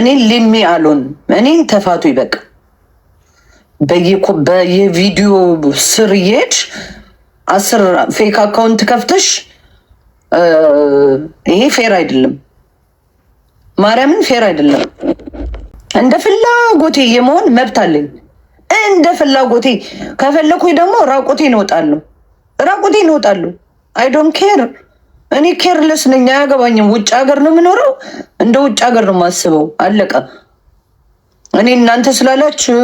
እኔ ሊሚ አሉን እኔን ተፋቱ ይበቅ። በየቪዲዮ ስር እየሄድ አስር ፌክ አካውንት ከፍተሽ ይሄ ፌር አይደለም፣ ማርያምን ፌር አይደለም። እንደ ፍላጎቴ የመሆን መብት አለኝ። እንደ ፍላጎቴ ከፈለኩኝ ደግሞ ራቁቴ እንወጣለሁ፣ ራቁቴ እንወጣለሁ። አይ ዶንት ኬር እኔ ኬርለስ ነኝ፣ አያገባኝም። ውጭ ሀገር ነው የምኖረው፣ እንደ ውጭ ሀገር ነው የማስበው። አለቀ። እኔ እናንተ ስላላችሁ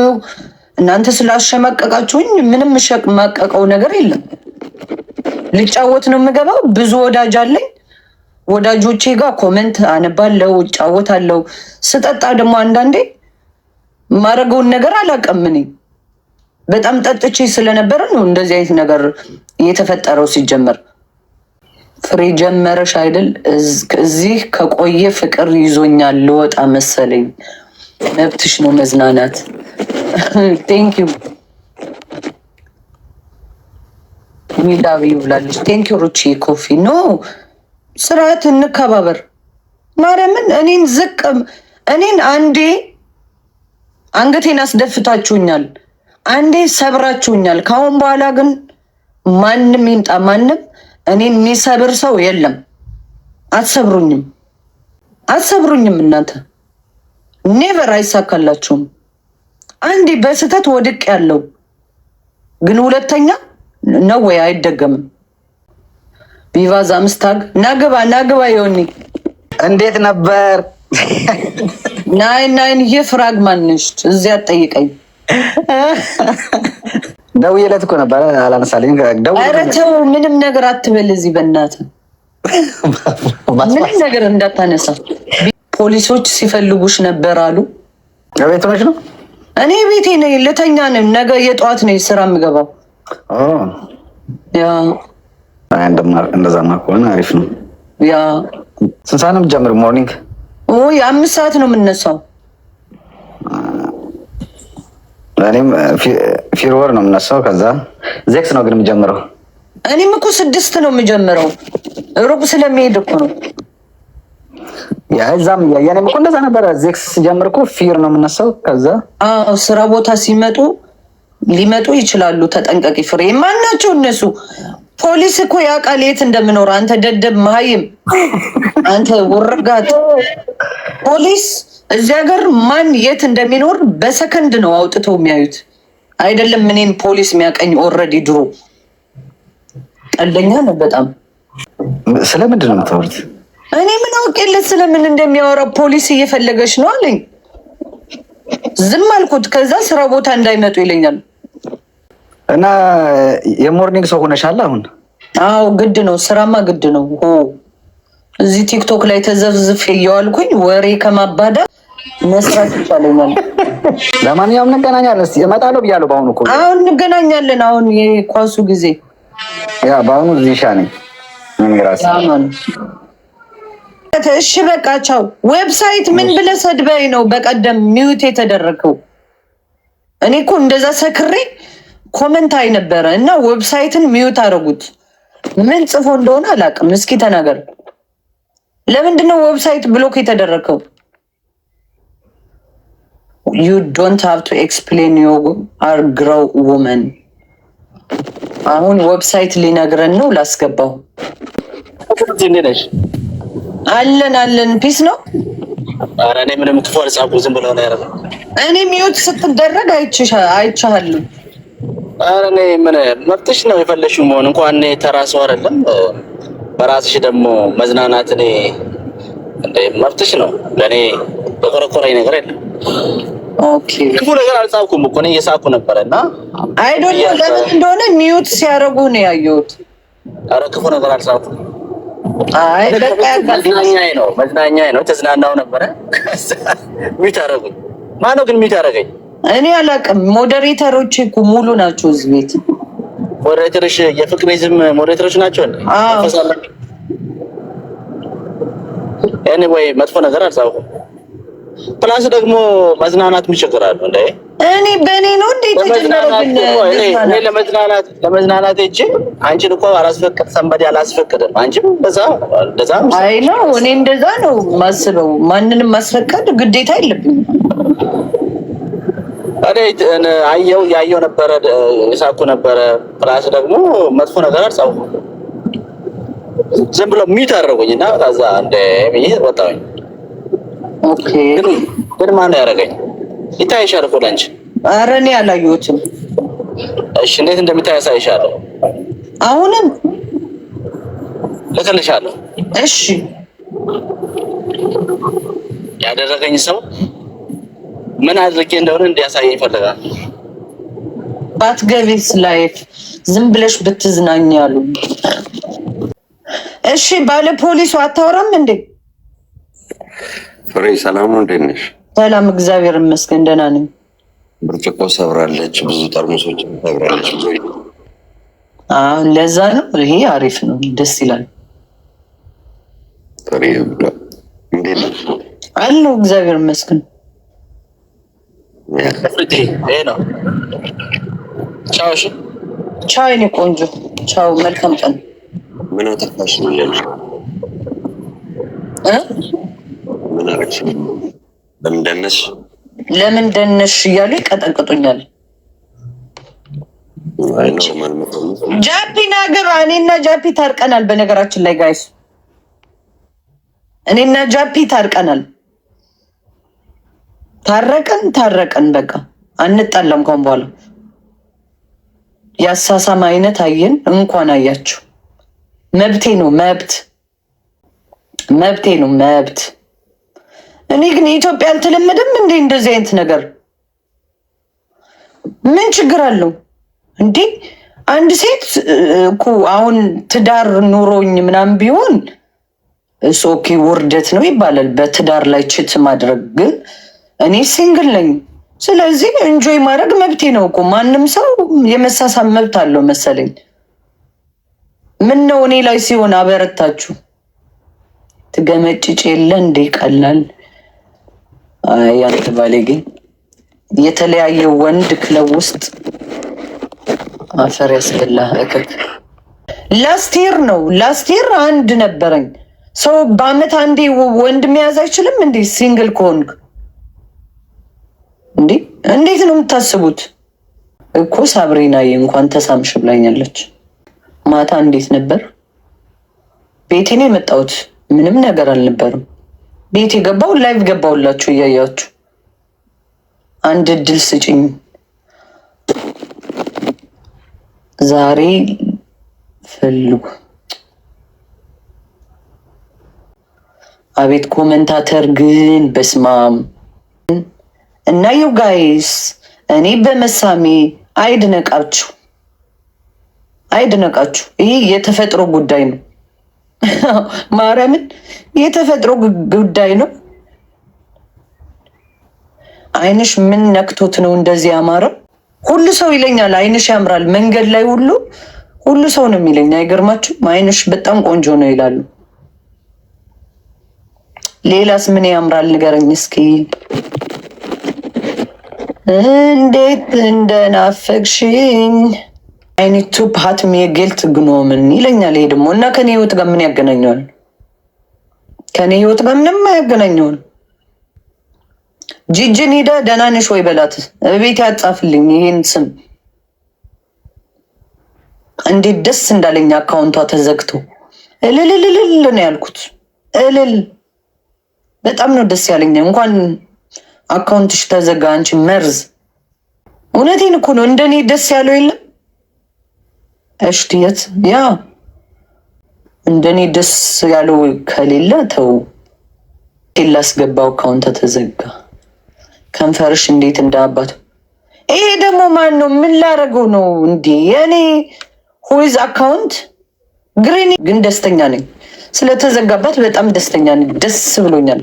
እናንተ ስላሸማቀቃችሁኝ ምንም ሸማቀቀው ነገር የለም። ልጫወት ነው የምገባው። ብዙ ወዳጅ አለኝ። ወዳጆቼ ጋር ኮመንት አነባለው፣ እጫወታለው። ስጠጣ ደግሞ አንዳንዴ ማድረገውን ነገር አላውቅም። እኔ በጣም ጠጥቼ ስለነበረ ነው እንደዚህ አይነት ነገር የተፈጠረው ሲጀመር ፍሬ ጀመረሽ አይደል? እዚህ ከቆየ ፍቅር ይዞኛል ልወጣ መሰለኝ። መብትሽ ነው መዝናናት። ቴንክ ዩ ሚላዊ ይብላለች። ቴንክ ዩ ሩቺ ኮፊ ኖ ስርዓት እንከባበር። ማርያምን እኔን ዝቅም እኔን አንዴ አንገቴን አስደፍታችሁኛል፣ አንዴ ሰብራችሁኛል። ከአሁን በኋላ ግን ማንም ይምጣ ማንም እኔ የሚሰብር ሰው የለም። አትሰብሩኝም፣ አትሰብሩኝም። እናንተ ኔቨር አይሳካላችሁም። አንዴ በስህተት ወድቅ ያለው ግን ሁለተኛ ነው ወይ አይደገምም። ቢቫዝ አምስታግ ናግባ ናግባ የሆኒ እንዴት ነበር? ናይን ናይን ይህ ፍራግ ማንሽ እዚያ ጠይቀኝ ደውዬለት እኮ ነበረ አላነሳልኝ። ኧረ ተው ምንም ነገር አትበል እዚህ በእናትህ ምንም ነገር እንዳታነሳ። ፖሊሶች ሲፈልጉሽ ነበር አሉ። ቤት ሆነች ነው እኔ ቤቴ ነኝ፣ ልተኛ ነኝ። ነገ የጠዋት ነው ስራ የምገባው። እንደዛማ ከሆነ አሪፍ ነው። ስንት ሰዓት ነው የምትጀምር? ሞርኒንግ አምስት ሰዓት ነው የምነሳው እኔም ፊርወር ነው የምነሳው። ከዛ ዜክስ ነው ግን የምጀምረው። እኔም እኮ ስድስት ነው የምጀምረው። ሩቅ ስለሚሄድ እኮ ነው እዛም። የኔም እኮ እንደዛ ነበረ። ዜክስ ስጀምር እኮ ፊር ነው የምነሳው። ከዛ ስራ ቦታ ሲመጡ ሊመጡ ይችላሉ። ተጠንቀቂ ፍሬ። ማናቸው እነሱ? ፖሊስ እኮ ያውቃል የት እንደምኖር። አንተ ደደብ መሀይም፣ አንተ ውርጋት ፖሊስ እዚህ ሀገር ማን የት እንደሚኖር በሰከንድ ነው አውጥተው የሚያዩት። አይደለም እኔን ፖሊስ የሚያቀኝ ኦልሬዲ ድሮ ቀለኛ ነው በጣም። ስለምንድን ነው የምታወሩት? እኔ ምን አውቄለት ስለምን እንደሚያወራ ፖሊስ እየፈለገች ነው አለኝ። ዝም አልኩት። ከዛ ስራ ቦታ እንዳይመጡ ይለኛል። እና የሞርኒንግ ሰው ሆነሻል አሁን? አዎ ግድ ነው፣ ስራማ ግድ ነው። እዚህ ቲክቶክ ላይ ተዘፍዝፍ እየዋልኩኝ ወሬ ከማባዳ መስራት ይቻለኛል። ለማንኛውም እንገናኛለን። እስኪ እመጣለሁ ብያለሁ። በአሁኑ እኮ አሁን እንገናኛለን። አሁን የኳሱ ጊዜ ያ በአሁኑ ዚሻ ነኝ። እሺ በቃ ቻው። ዌብሳይት ምን ብለህ ሰድበኝ ነው በቀደም ሚውት የተደረገው? እኔ እኮ እንደዛ ሰክሬ ኮመንት አይ ነበረ እና ዌብሳይትን ሚውት አደረጉት። ምን ጽፎ እንደሆነ አላውቅም። እስኪ ተናገር። ለምንድን ነው ዌብሳይት ብሎክ የተደረገው? ዩ ዶንት ሃቭ ቱ ኤክስፕሌን ዩ አር ግሮው ውመን። አሁን ዌብሳይት ሊነግረን ነው ላስገባው። አለን አለን ፒስ ነው። እኔ ምንም ክፉ አልጻፉ ዝም ብለው ነው ያደረገው። እኔ ሚዩት ስትደረግ አይቻለሁ። እኔ ምን መብትሽ ነው የፈለሽው መሆን። እንኳን እኔ ተራ ሰው አይደለም በራስሽ ደግሞ መዝናናት እኔ እንደ መብትሽ ነው። ለእኔ የቆረቆረኝ ነገር የለም። ክፉ ነገር አልጻፍኩም እኮ እኔ እየሳኩ ነበረ እና አይዶንት ኖ ለምን እንደሆነ ሚዩት ሲያደርጉ ነው ያየሁት። ኧረ ክፉ ነገር አልጻፍኩም። አይ በቃ መዝናኛዬ ነው መዝናኛዬ ነው ተዝናናው ነበረ። ሚዩት አደረጉኝ። ማነው ግን ሚዩት አደረገኝ? እኔ አላውቅም። ሞዴሬተሮች እኮ ሙሉ ናቸው እዚህ ቤት። ሞዴሬተሮች የፍቅሪዝም ሞዴሬተሮች ናቸው። ኤኒዌይ መጥፎ ነገር አልጻፍኩም። ፕላስ ደግሞ መዝናናት ምን ችግር እንደ እኔ በእኔ ነው እንዴ ተጀመረብን። እኔ ለመዝናናት ለመዝናናት እጂ አንቺን እኮ አላስፈቅድ ሰንበዴ አላስፈቅድም። አንቺም በዛ እንደዛ አይ ነው እኔ እንደዛ ነው ማስበው። ማንንም ማስፈቀድ ግዴታ የለብኝም። እኔ አየው ያየው ነበረ የሳኩ ነበረ። ፕላስ ደግሞ መጥፎ ነገር አልጻውኩም። ዝም ብሎ ሚት አደረጉኝ እና ከዛ እንደ ይህ ወጣሁኝ ግርማ ነው ያደረገኝ። ይታይሻል እኮ ለአንቺ። ኧረ እኔ አላየሁትም። እሺ እንዴት እንደሚታይ አሳይሻለሁ። አሁንም ልክልሻለሁ። እሺ ያደረገኝ ሰው ምን አድርጌ እንደሆነ እንዲያሳየኝ ይፈልጋል። ባትገቢስ ላይፍ ዝም ብለሽ ብትዝናኝ ያሉ። እሺ ባለ ፖሊሱ አታወራም እንዴ? ፍሬ ሰላም ነው? እንዴት ነሽ? ሰላም እግዚአብሔር ይመስገን ደህና ነኝ። ብርጭቆ ሰብራለች፣ ብዙ ጠርሙሶች ሰብራለች። ለዛ ነው ይሄ አሪፍ ነው፣ ደስ ይላል። ፍሬ አሉ እግዚአብሔር ይመስገን። ቻው የእኔ ቆንጆ፣ ቻው፣ መልካም ቀን። ምን አጠፋሽ ነው ለምን አረግሽ ለምን ደነሽ ለምን ደነሽ እያሉ ይቀጠቅጡኛል። ጃፒ ናገሯ። እኔና ጃፒ ታርቀናል። በነገራችን ላይ ጋይስ እኔና ጃፒ ታርቀናል። ታረቀን ታረቀን በቃ አንጣለም። ከሆን በኋላ የአሳሳም አይነት አየን። እንኳን አያችሁ። መብቴ ነው መብት መብቴ ነው መብት እኔ ግን ኢትዮጵያ አልተለመደም እንዴ እንደዚህ አይነት ነገር? ምን ችግር አለው እንዴ? አንድ ሴት እኮ አሁን ትዳር ኑሮኝ ምናምን ቢሆን ሶኪ ውርደት ነው ይባላል። በትዳር ላይ ችት ማድረግ ግን እኔ ሲንግል ነኝ። ስለዚህ እንጆይ ማድረግ መብቴ ነው እኮ ማንም ሰው የመሳሳብ መብት አለው መሰለኝ። ምን ነው እኔ ላይ ሲሆን አበረታችሁ ትገመጭጭ የለ እንዴ? ይቀላል ያንተ ባሌ ግን የተለያየ ወንድ ክለብ ውስጥ አፈር ያስበላ እክል። ላስቴር ነው ላስቴር አንድ ነበረኝ ሰው በአመት አንዴ ወንድ መያዝ አይችልም እንዴ? ሲንግል ከሆንክ እንዴ እንዴት ነው የምታስቡት? እኮ ሳብሪናዬ እንኳን ተሳምሽ ብላኛለች። ማታ እንዴት ነበር? ቤቴን የመጣሁት ምንም ነገር አልነበርም። ቤት የገባው ላይቭ ገባውላችሁ እያያችሁ አንድ እድል ስጭኝ ዛሬ ፈልጉ። አቤት ኮመንታተር ግን በስማም እና ዩ ጋይስ እኔ በመሳሜ አይድነቃችሁ አይድነቃችሁ። ይሄ የተፈጥሮ ጉዳይ ነው። ማርያምን የተፈጥሮ ጉዳይ ነው። አይንሽ ምን ነክቶት ነው እንደዚህ ያማረው? ሁሉ ሰው ይለኛል አይንሽ ያምራል። መንገድ ላይ ሁሉ ሁሉ ሰው ነው የሚለኝ። አይገርማችሁም? አይንሽ በጣም ቆንጆ ነው ይላሉ። ሌላስ ምን ያምራል ንገረኝ እስኪ። እንዴት እንደናፈቅሽኝ አይኒቱ ፓት ሜጌልት ግኖምን ይለኛል። ይሄ ደግሞ እና ከኔ ህይወት ጋር ምን ያገናኘዋል? ከኔ ህይወት ጋር ምንም አያገናኘውም። ጂጅን ሄደ ደህና ነሽ ወይ በላት። ቤት ያጻፍልኝ ይሄን ስም እንዴት ደስ እንዳለኝ አካውንቷ ተዘግቶ እልልልልል ነው ያልኩት። እልል በጣም ነው ደስ ያለኝ። እንኳን አካውንትሽ ተዘጋ አንቺ መርዝ። እውነቴን እኮ ነው እንደኔ ደስ ያለው የለም እሺ ያ እንደኔ ደስ ያለው ከሌለ ተው። ኬል አስገባው፣ ተዘጋ። ከንፈርሽ እንዴት እንዳባቱ። ይሄ ደግሞ ማን ነው? ምን ላደረገው ነው እንዴ? የኔ ሆይዝ አካውንት ግሬኒ ግን ደስተኛ ነኝ። ስለተዘጋባት በጣም ደስተኛ ነኝ። ደስ ብሎኛል።